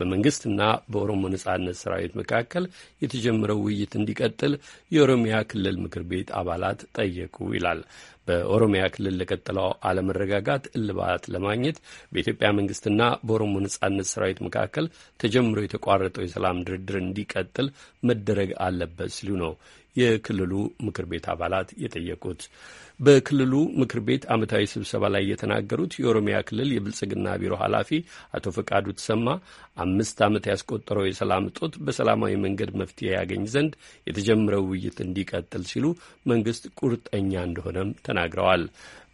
በመንግስትና በኦሮሞ ነጻነት ሰራዊት መካከል የተጀመረው ውይይት እንዲቀጥል የኦሮሚያ ክልል ምክር ቤት አባላት ጠየቁ ይላል። በኦሮሚያ ክልል ለቀጠለው አለመረጋጋት እልባት ለማግኘት በኢትዮጵያ መንግስትና በኦሮሞ ነጻነት ሰራዊት መካከል ተጀምሮ የተቋረጠው የሰላም ድርድር እንዲቀጥል መደረግ አለበት ሲሉ ነው የክልሉ ምክር ቤት አባላት የጠየቁት። በክልሉ ምክር ቤት ዓመታዊ ስብሰባ ላይ የተናገሩት የኦሮሚያ ክልል የብልጽግና ቢሮ ኃላፊ አቶ ፈቃዱ ተሰማ አምስት ዓመት ያስቆጠረው የሰላም እጦት በሰላማዊ መንገድ መፍትሄ ያገኝ ዘንድ የተጀመረው ውይይት እንዲቀጥል ሲሉ መንግስት ቁርጠኛ እንደሆነም ተናግረዋል። ተናግረዋል።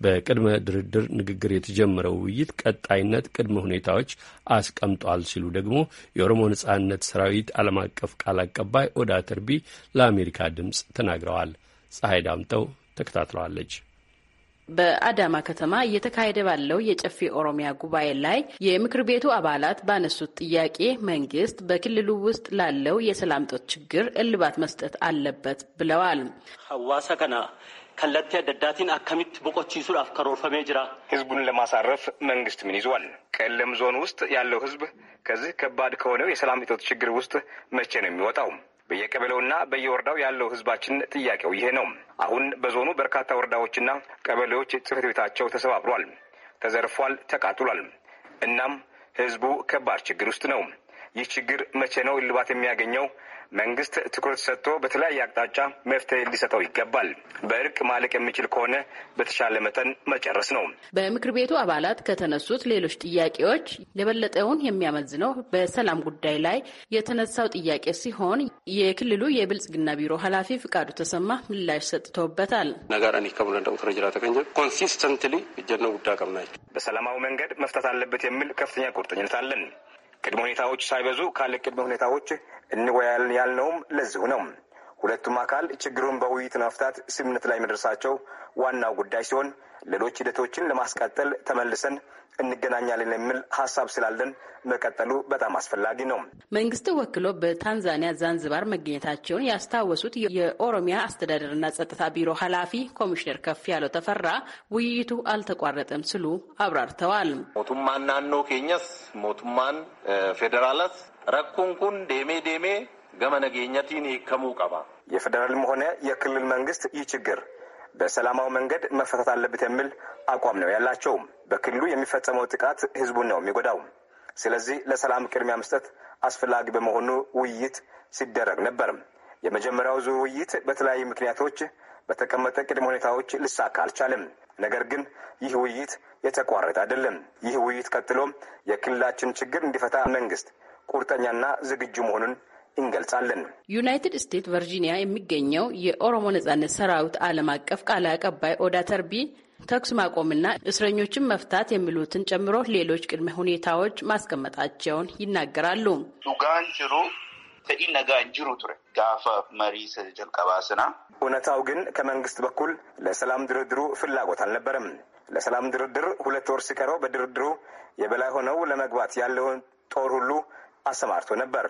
በቅድመ ድርድር ንግግር የተጀመረው ውይይት ቀጣይነት ቅድመ ሁኔታዎች አስቀምጧል ሲሉ ደግሞ የኦሮሞ ነጻነት ሰራዊት ዓለም አቀፍ ቃል አቀባይ ኦዳ ተርቢ ለአሜሪካ ድምፅ ተናግረዋል። ፀሐይ ዳምጠው ተከታትለዋለች። በአዳማ ከተማ እየተካሄደ ባለው የጨፌ ኦሮሚያ ጉባኤ ላይ የምክር ቤቱ አባላት ባነሱት ጥያቄ መንግስት በክልሉ ውስጥ ላለው የሰላም እጦት ችግር እልባት መስጠት አለበት ብለዋል። ሀዋሳ ከና ከለቴ ደዳቲን አከሚት ቦቆቺሱዳፍ አፍከሮርፈሜ ጅራ ህዝቡን ለማሳረፍ መንግስት ምን ይዟል? ቀለም ዞን ውስጥ ያለው ህዝብ ከዚህ ከባድ ከሆነው የሰላም እጦት ችግር ውስጥ መቼ ነው የሚወጣው? በየቀበሌውና በየወረዳው ያለው ህዝባችን ጥያቄው ይሄ ነው። አሁን በዞኑ በርካታ ወረዳዎችና ቀበሌዎች ጽህፈት ቤታቸው ተሰባብሯል፣ ተዘርፏል፣ ተቃጥሏል። እናም ህዝቡ ከባድ ችግር ውስጥ ነው። ይህ ችግር መቼ ነው እልባት የሚያገኘው? መንግስት ትኩረት ሰጥቶ በተለያየ አቅጣጫ መፍትሄ ሊሰጠው ይገባል። በእርቅ ማለቅ የሚችል ከሆነ በተሻለ መጠን መጨረስ ነው። በምክር ቤቱ አባላት ከተነሱት ሌሎች ጥያቄዎች የበለጠውን የሚያመዝነው በሰላም ጉዳይ ላይ የተነሳው ጥያቄ ሲሆን የክልሉ የብልጽግና ቢሮ ኃላፊ ፍቃዱ ተሰማ ምላሽ ሰጥተውበታል። ነጋራን ይከብለ እንደቁትረ ጅራ ተገኘ ኮንሲስተንትሊ እጀነ ቀምናቸው በሰላማዊ መንገድ መፍታት አለበት የሚል ከፍተኛ ቁርጠኝነት አለን። ቅድመ ሁኔታዎች ሳይበዙ ካለ ቅድመ ሁኔታዎች እንወያያለን ያልነውም ለዚሁ ነው። ሁለቱም አካል ችግሩን በውይይት መፍታት ስምምነት ላይ መድረሳቸው ዋናው ጉዳይ ሲሆን ሌሎች ሂደቶችን ለማስቀጠል ተመልሰን እንገናኛለን የሚል ሀሳብ ስላለን መቀጠሉ በጣም አስፈላጊ ነው። መንግስት ወክሎ በታንዛኒያ ዛንዝባር መገኘታቸውን ያስታወሱት የኦሮሚያ አስተዳደርና ጸጥታ ቢሮ ኃላፊ ኮሚሽነር ከፍ ያለው ተፈራ ውይይቱ አልተቋረጠም ሲሉ አብራርተዋል። ሞቱማን ናኖ ኬኛስ ሞቱማን ፌዴራላስ ረኩንኩን ዴሜ ዴሜ ገመ ነገኘቲን ይከሙ ቀባ የፌዴራልም ሆነ የክልል መንግስት ይህ ችግር በሰላማዊ መንገድ መፈታት አለበት የሚል አቋም ነው ያላቸው። በክልሉ የሚፈጸመው ጥቃት ህዝቡን ነው የሚጎዳው። ስለዚህ ለሰላም ቅድሚያ መስጠት አስፈላጊ በመሆኑ ውይይት ሲደረግ ነበር። የመጀመሪያው ዙር ውይይት በተለያዩ ምክንያቶች በተቀመጠ ቅድመ ሁኔታዎች ልሳካ አልቻለም። ነገር ግን ይህ ውይይት የተቋረጠ አይደለም። ይህ ውይይት ቀጥሎ የክልላችን ችግር እንዲፈታ መንግስት ቁርጠኛና ዝግጁ መሆኑን እንገልጻለን። ዩናይትድ ስቴትስ ቨርጂኒያ የሚገኘው የኦሮሞ ነጻነት ሰራዊት ዓለም አቀፍ ቃል አቀባይ ኦዳ ተርቢ ተኩስ ማቆምና እስረኞችን መፍታት የሚሉትን ጨምሮ ሌሎች ቅድመ ሁኔታዎች ማስቀመጣቸውን ይናገራሉ። ቱጋን ጅሩ ተዲ ቱረ ጋፈ መሪ ጀልቀባስና እውነታው ግን ከመንግስት በኩል ለሰላም ድርድሩ ፍላጎት አልነበረም። ለሰላም ድርድር ሁለት ወር ሲቀረው በድርድሩ የበላይ ሆነው ለመግባት ያለውን ጦር ሁሉ አሰማርቶ ነበር፣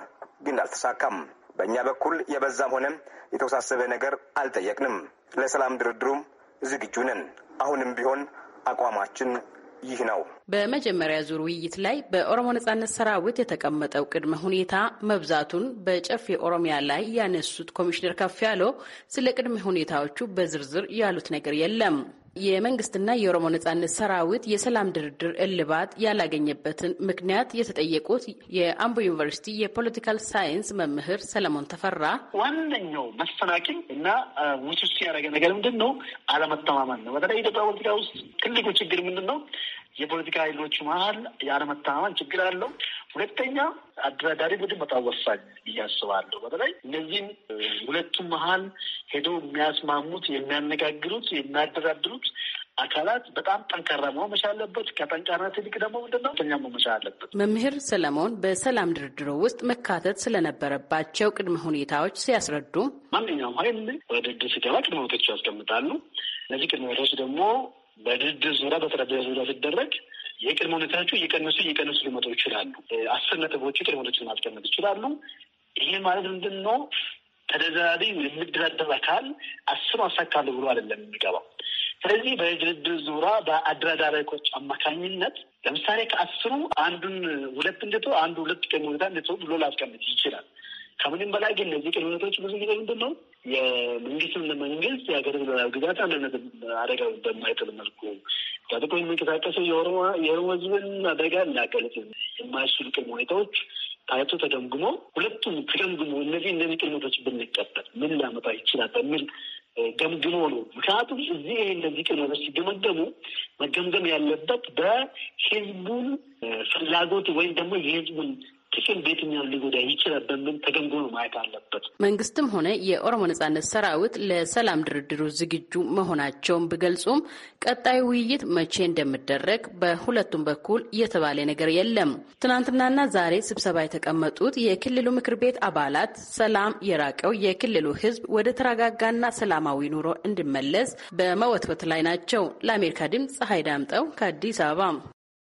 ግን አልተሳካም። በእኛ በኩል የበዛም ሆነ የተወሳሰበ ነገር አልጠየቅንም። ለሰላም ድርድሩም ዝግጁ ነን። አሁንም ቢሆን አቋማችን ይህ ነው። በመጀመሪያ ዙር ውይይት ላይ በኦሮሞ ነጻነት ሰራዊት የተቀመጠው ቅድመ ሁኔታ መብዛቱን በጨፌ ኦሮሚያ ላይ ያነሱት ኮሚሽነር ከፍ ያለው ስለ ቅድመ ሁኔታዎቹ በዝርዝር ያሉት ነገር የለም። የመንግስትና የኦሮሞ ነጻነት ሰራዊት የሰላም ድርድር እልባት ያላገኘበትን ምክንያት የተጠየቁት የአምቦ ዩኒቨርሲቲ የፖለቲካል ሳይንስ መምህር ሰለሞን ተፈራ ዋነኛው መሰናክል እና ውስስ ያደረገ ነገር ምንድን ነው? አለመተማመን ነው። በተለይ ኢትዮጵያ ፖለቲካ ውስጥ ትልቁ ችግር ምንድን ነው? የፖለቲካ ኃይሎች መሀል የአለመተማመን ችግር አለው። ሁለተኛ አደራዳሪ ቡድን በጣም ወሳኝ እያስባለሁ። በተለይ እነዚህም ሁለቱም መሀል ሄደው የሚያስማሙት፣ የሚያነጋግሩት፣ የሚያደራድሩት አካላት በጣም ጠንካራ መሆን መቻል አለበት። ከጠንካራ ትልቅ ደግሞ ምንድን ነው ተኛ መሆን መቻል አለበት። መምህር ሰለሞን በሰላም ድርድሮ ውስጥ መካተት ስለነበረባቸው ቅድመ ሁኔታዎች ሲያስረዱ ማንኛውም ሀይል ወደ ድርድር ሲገባ ቅድመ ሁኔታዎች ያስቀምጣሉ። እነዚህ ቅድመ ሁኔታዎች ደግሞ በድርድር ዙሪያ በጠረጴዛ ዙሪያ ሲደረግ የቅድመ ሁኔታቸው እየቀነሱ እየቀነሱ ሊመጡ ይችላሉ። አስር ነጥቦች ቅድመ ሁኔታዎችን ማስቀመጥ ይችላሉ። ይህ ማለት ምንድን ነው? ተደራዳሪ የምድራደር አካል አስሩ አሳካለሁ ብሎ አይደለም የሚገባው። ስለዚህ በድርድር ዙራ በአደራዳሪዎች አማካኝነት ለምሳሌ ከአስሩ አንዱን ሁለት እንድቶ አንዱ ሁለት ቅድመ ሁኔታ እንድቶ ብሎ ላስቀምጥ ይችላል። ከምንም በላይ ግን እነዚህ ቅንነቶች ብዙ ጊዜ ምንድን ነው የመንግስትን ለመንግስት የሀገር ግዛት አንድነት አደጋ በማይጥል መልኩ በጥቁ የሚንቀሳቀሰው የኦሮሞ ህዝብን አደጋ ላቀልጥ የማይችሉ ቅድመ ሁኔታዎች ታይቶ ተደምግሞ ሁለቱም ተገምግሞ እነዚህ እነዚህ ቅንነቶች ብንቀበል ምን ላመጣ ይችላል በሚል ገምግሞ ነው። ምክንያቱም እዚህ ይህ እነዚህ ቅንነቶች ሲገመገሙ መገምገም ያለበት በህዝቡን ፍላጎት ወይም ደግሞ የህዝቡን ክፍል በየትኛውን ሊጎዳ ይችላል በሚል ተገምግሞ ማየት አለበት። መንግስትም ሆነ የኦሮሞ ነጻነት ሰራዊት ለሰላም ድርድሩ ዝግጁ መሆናቸውን ቢገልጹም ቀጣዩ ውይይት መቼ እንደሚደረግ በሁለቱም በኩል የተባለ ነገር የለም። ትናንትናና ዛሬ ስብሰባ የተቀመጡት የክልሉ ምክር ቤት አባላት ሰላም የራቀው የክልሉ ህዝብ ወደ ተረጋጋና ሰላማዊ ኑሮ እንዲመለስ በመወትወት ላይ ናቸው። ለአሜሪካ ድምፅ ፀሐይ ዳምጠው ከአዲስ አበባ